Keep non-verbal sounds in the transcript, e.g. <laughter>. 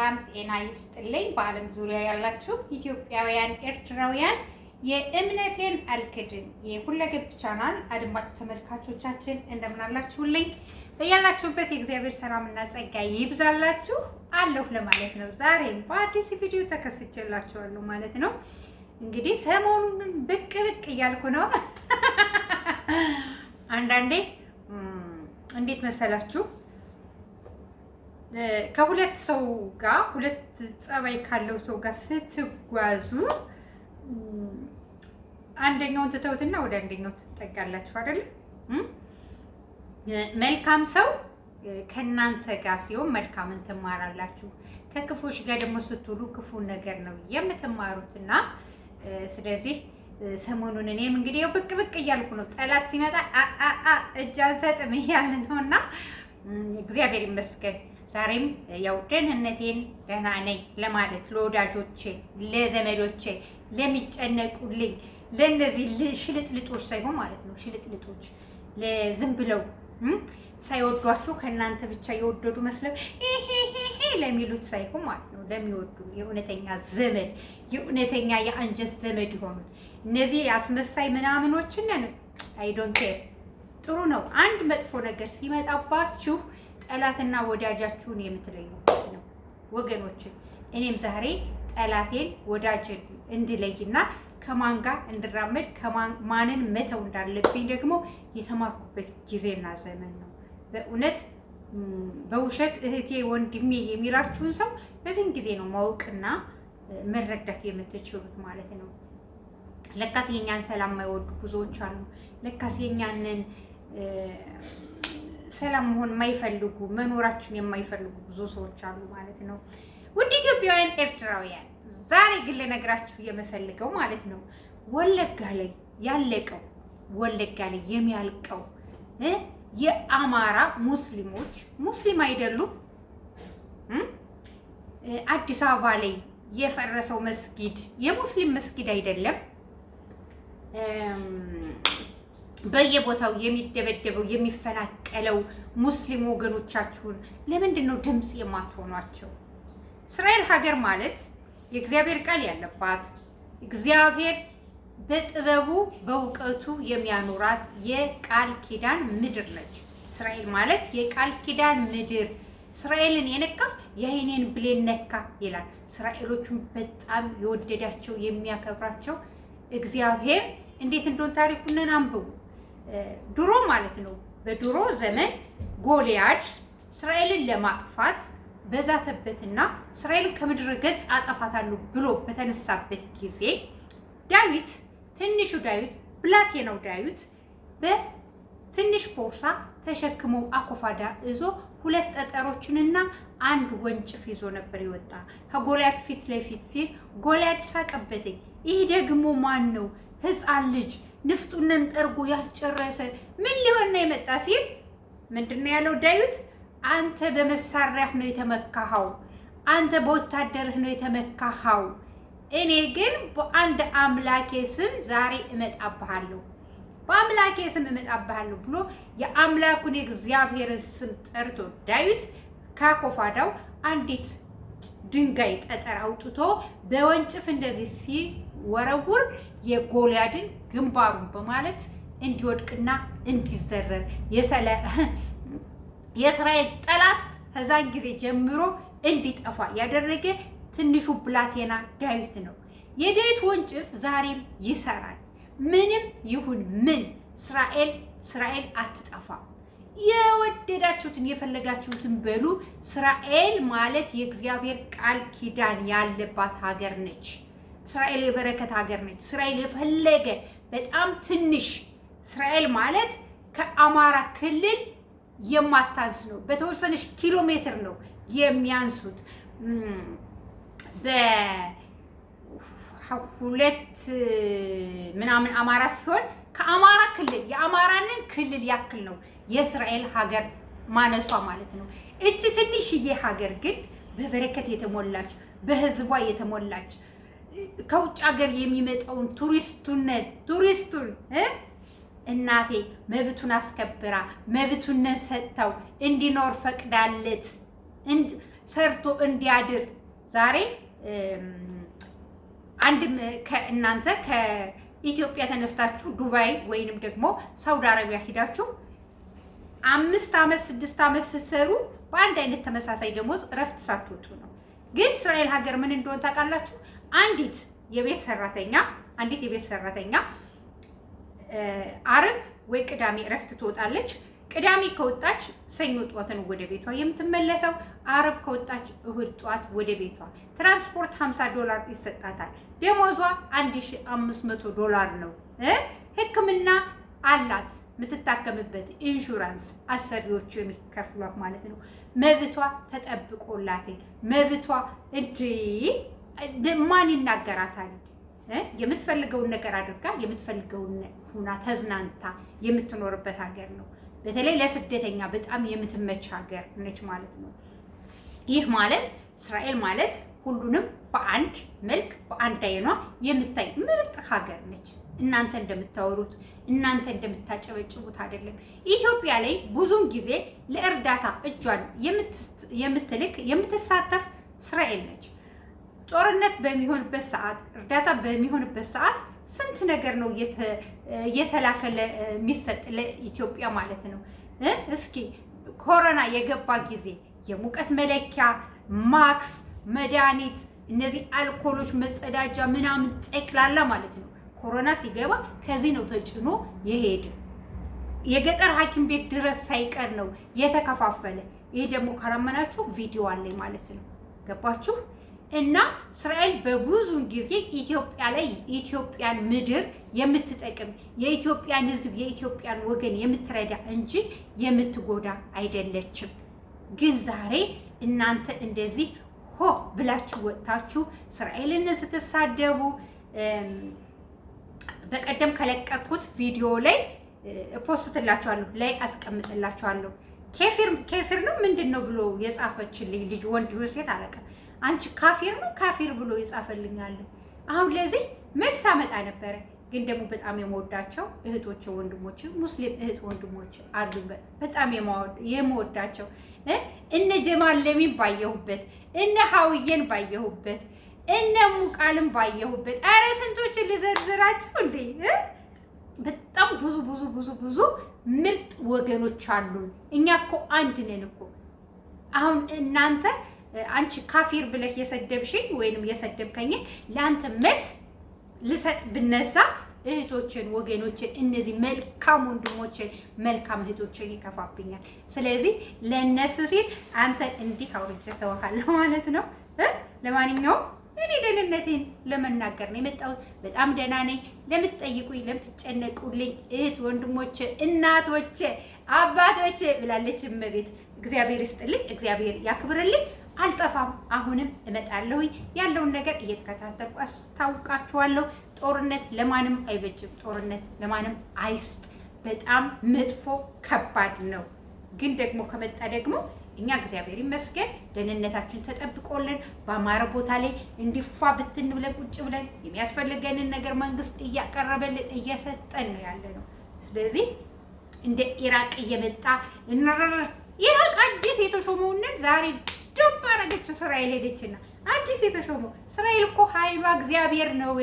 ሰላም ጤና ይስጥልኝ። በዓለም ዙሪያ ያላችሁ ኢትዮጵያውያን፣ ኤርትራውያን የእምነቴን አልክድን የሁለገብ ቻናል አድማጭ ተመልካቾቻችን እንደምናላችሁልኝ በያላችሁበት የእግዚአብሔር ሰላምና ጸጋ ይብዛላችሁ አለሁ ለማለት ነው። ዛሬም በአዲስ ቪዲዮ ተከስቼላችኋለሁ ማለት ነው። እንግዲህ ሰሞኑን ብቅ ብቅ እያልኩ ነው። <laughs> አንዳንዴ እንዴት መሰላችሁ ከሁለት ሰው ጋር ሁለት ጸባይ ካለው ሰው ጋር ስትጓዙ አንደኛውን ትተውትና ወደ አንደኛው ትጠጋላችሁ አይደለ? መልካም ሰው ከእናንተ ጋር ሲሆን መልካምን ትማራላችሁ። ከክፎች ጋር ደግሞ ስትውሉ ክፉ ነገር ነው የምትማሩትና ስለዚህ ሰሞኑን እኔም እንግዲህ ብቅ ብቅ እያልኩ ነው። ጠላት ሲመጣ እጅ አንሰጥም እያልን ነው እና እግዚአብሔር ይመስገን ዛሬም ያው ደህንነቴን ደህና ነኝ ለማለት ለወዳጆቼ፣ ለዘመዶቼ፣ ለሚጨነቁልኝ ለእነዚህ ሽልጥልጦች ሳይሆን ማለት ነው ሽልጥልጦች ለዝም ብለው ሳይወዷቸው ከእናንተ ብቻ የወደዱ መስለው ይሄ ለሚሉት ሳይሆን ማለት ነው ለሚወዱ የእውነተኛ ዘመድ የእውነተኛ የአንጀት ዘመድ የሆኑት እነዚህ አስመሳይ ምናምኖችን አይዶንት ኬር ጥሩ ነው። አንድ መጥፎ ነገር ሲመጣባችሁ ጠላትና ወዳጃችሁን የምትለዩበት ነው ወገኖችን እኔም ዛሬ ጠላቴን ወዳጅን እንድለይና ከማን ጋር እንድራመድ ማንን መተው እንዳለብኝ ደግሞ የተማርኩበት ጊዜና ዘመን ነው። በእውነት በውሸት እህቴ ወንድሜ የሚላችሁን ሰው በዚህን ጊዜ ነው ማወቅና መረዳት የምትችሉት ማለት ነው። ለካስ የኛን ሰላም የማይወዱ ብዙዎች አሉ። ለካስ የኛንን ሰላም መሆን የማይፈልጉ መኖራችን የማይፈልጉ ብዙ ሰዎች አሉ ማለት ነው። ውድ ኢትዮጵያውያን፣ ኤርትራውያን ዛሬ ግን ልነግራችሁ የምፈልገው ማለት ነው ወለጋ ላይ ያለቀው ወለጋ ላይ የሚያልቀው የአማራ ሙስሊሞች ሙስሊም አይደሉም። አዲስ አበባ ላይ የፈረሰው መስጊድ የሙስሊም መስጊድ አይደለም። በየቦታው የሚደበደበው የሚፈናቀለው ሙስሊም ወገኖቻችሁን ለምንድን ነው ድምፅ የማትሆኗቸው? እስራኤል ሀገር ማለት የእግዚአብሔር ቃል ያለባት እግዚአብሔር በጥበቡ በእውቀቱ የሚያኖራት የቃል ኪዳን ምድር ነች። እስራኤል ማለት የቃል ኪዳን ምድር። እስራኤልን የነካ የአይኔን ብሌን ነካ ይላል። እስራኤሎቹን በጣም የወደዳቸው የሚያከብራቸው እግዚአብሔር እንዴት እንደሆን ታሪኩነን አንብቡ። ድሮ ማለት ነው በድሮ ዘመን ጎልያድ እስራኤልን ለማጥፋት በዛተበትና እስራኤልን ከምድረ ገጽ አጠፋታለሁ ብሎ በተነሳበት ጊዜ ዳዊት ትንሹ ዳዊት ብላቴናው ዳዊት በትንሽ ቦርሳ ተሸክሞ አኮፋዳ ይዞ ሁለት ጠጠሮችንና አንድ ወንጭፍ ይዞ ነበር ይወጣ ከጎልያድ ፊት ለፊት ሲል ጎልያድ ሳቀበተኝ። ይህ ደግሞ ማን ነው? ህፃን ልጅ ንፍጡንን ጠርጎ ያልጨረሰ ምን ሊሆን ነው የመጣ ሲል ምንድን ነው ያለው ዳዊት? አንተ በመሳሪያህ ነው የተመካኸው፣ አንተ በወታደርህ ነው የተመካኸው። እኔ ግን በአንድ አምላኬ ስም ዛሬ እመጣብሃለሁ፣ በአምላኬ ስም እመጣብሃለሁ ብሎ የአምላኩን የእግዚአብሔርን ስም ጠርቶ ዳዊት ከኮፋዳው አንዲት ድንጋይ ጠጠር አውጥቶ በወንጭፍ እንደዚህ ሲ ወረውር የጎልያድን ግንባሩን በማለት እንዲወድቅና እንዲዘረር የእስራኤል ጠላት ከዛን ጊዜ ጀምሮ እንዲጠፋ ያደረገ ትንሹ ብላቴና ዳዊት ነው። የዳዊት ወንጭፍ ዛሬም ይሰራል። ምንም ይሁን ምን እስራኤል እስራኤል አትጠፋ። የወደዳችሁትን የፈለጋችሁትን በሉ። እስራኤል ማለት የእግዚአብሔር ቃል ኪዳን ያለባት ሀገር ነች። እስራኤል የበረከት ሀገር ነች። እስራኤል የፈለገ በጣም ትንሽ እስራኤል ማለት ከአማራ ክልል የማታንስ ነው። በተወሰነች ኪሎ ሜትር ነው የሚያንሱት። በሁለት ምናምን አማራ ሲሆን ከአማራ ክልል የአማራንን ክልል ያክል ነው የእስራኤል ሀገር ማነሷ ማለት ነው። እች ትንሽዬ ሀገር ግን በበረከት የተሞላች በህዝቧ የተሞላች ከውጭ ሀገር የሚመጣውን ቱሪስቱን ቱሪስቱን እናቴ መብቱን አስከብራ መብቱን ሰጥተው እንዲኖር ፈቅዳለት ሰርቶ እንዲያድር ዛሬ አንድም ከእናንተ ከኢትዮጵያ ተነስታችሁ ዱባይ ወይንም ደግሞ ሳውዲ አረቢያ ሂዳችሁ አምስት ዓመት ስድስት ዓመት ስትሰሩ በአንድ አይነት ተመሳሳይ ደሞዝ እረፍት ሳትወጡ ነው። ግን እስራኤል ሀገር ምን እንደሆን ታውቃላችሁ? አንዲት የቤት ሰራተኛ አንዲት የቤት ሰራተኛ አርብ ወይ ቅዳሜ እረፍት ትወጣለች። ቅዳሜ ከወጣች ሰኞ ጠዋትን ወደ ቤቷ የምትመለሰው፣ አርብ ከወጣች እሁድ ጠዋት ወደ ቤቷ። ትራንስፖርት 50 ዶላር ይሰጣታል። ደሞዟ 1500 ዶላር ነው። ሕክምና አላት የምትታከምበት ኢንሹራንስ አሰሪዎቹ የሚከፍሏት ማለት ነው። መብቷ ተጠብቆላት መብቷ እንዲህ ማን ይናገራታል? የምትፈልገውን ነገር አድርጋ የምትፈልገውን ሁና ተዝናንታ የምትኖርበት ሀገር ነው። በተለይ ለስደተኛ በጣም የምትመች ሀገር ነች ማለት ነው። ይህ ማለት እስራኤል ማለት ሁሉንም በአንድ መልክ በአንድ አይኗ የምታይ ምርጥ ሀገር ነች። እናንተ እንደምታወሩት እናንተ እንደምታጨበጭቡት አይደለም። ኢትዮጵያ ላይ ብዙን ጊዜ ለእርዳታ እጇን የምትልክ የምትሳተፍ እስራኤል ነች። ጦርነት በሚሆንበት ሰዓት፣ እርዳታ በሚሆንበት ሰዓት ስንት ነገር ነው እየተላከ የሚሰጥ ለኢትዮጵያ ማለት ነው። እስኪ ኮሮና የገባ ጊዜ የሙቀት መለኪያ ማክስ፣ መድኃኒት፣ እነዚህ አልኮሎች፣ መጸዳጃ ምናምን ጠቅላላ ማለት ነው። ኮሮና ሲገባ ከዚህ ነው ተጭኖ የሄደ የገጠር ሐኪም ቤት ድረስ ሳይቀር ነው የተከፋፈለ። ይህ ደግሞ ካላመናችሁ ቪዲዮ አለኝ ማለት ነው። ገባችሁ? እና እስራኤል በብዙን ጊዜ ኢትዮጵያ ላይ የኢትዮጵያን ምድር የምትጠቅም የኢትዮጵያን ሕዝብ የኢትዮጵያን ወገን የምትረዳ እንጂ የምትጎዳ አይደለችም። ግን ዛሬ እናንተ እንደዚህ ሆ ብላችሁ ወጥታችሁ እስራኤልን ስትሳደቡ በቀደም ከለቀኩት ቪዲዮ ላይ ፖስትላችኋለሁ ላይ አስቀምጥላችኋለሁ። ኬፊር ኬፊር ነው ምንድን ነው ብሎ የጻፈችልኝ ልጅ ወንድ ሴት አለቀ። አንቺ ካፊር ነው ካፊር ብሎ የጻፈልኛለሁ። አሁን ለዚህ መልስ አመጣ ነበረ ግን ደግሞ በጣም የመወዳቸው እህቶች ወንድሞች፣ ሙስሊም እህት ወንድሞች አሉ። በጣም የመወዳቸው እነ ጀማል ለሚን ባየሁበት፣ እነ ሀውየን ባየሁበት፣ እነ ሙቃልን ባየሁበት፣ አረ ስንቶችን ልዘርዝራቸው እንዴ! በጣም ብዙ ብዙ ብዙ ብዙ ምርጥ ወገኖች አሉ። እኛ እኮ አንድ ነን እኮ አሁን እናንተ አንቺ ካፊር ብለህ የሰደብሽኝ ወይንም የሰደብከኝን ለአንተ መልስ ልሰጥ ብነሳ እህቶችን ወገኖችን እነዚህ መልካም ወንድሞችን መልካም እህቶችን ይከፋብኛል። ስለዚህ ለእነሱ ሲል አንተ እንዲህ አውርጄ ተዋሃለሁ ማለት ነው። ለማንኛውም እኔ ደህንነትህን ለመናገር ነው የመጣሁት። በጣም ደህና ነኝ። ለምትጠይቁኝ፣ ለምትጨነቁልኝ እህት ወንድሞች እናቶች አባቶች ብላለች እመቤት። እግዚአብሔር ይስጥልኝ፣ እግዚአብሔር ያክብርልኝ። አልጠፋም፣ አሁንም እመጣለሁ። ያለውን ነገር እየተከታተልኩ አስታውቃችኋለሁ። ጦርነት ለማንም አይበጅም። ጦርነት ለማንም አይስጥ። በጣም መጥፎ ከባድ ነው። ግን ደግሞ ከመጣ ደግሞ እኛ እግዚአብሔር ይመስገን ደህንነታችን ተጠብቆልን በአማረ ቦታ ላይ እንዲፋ ብትን ብለን ቁጭ ብለን የሚያስፈልገንን ነገር መንግስት እያቀረበልን እየሰጠን ነው ያለ ነው። ስለዚህ እንደ ኢራቅ እየመጣ ኢራቅ አዲስ የተሾመውንን ዛሬ ዶብ አደረገችው። ስራኤል ሄደችና አዲስ የተሾመው እስራኤል እኮ ኃይሏ እግዚአብሔር ነው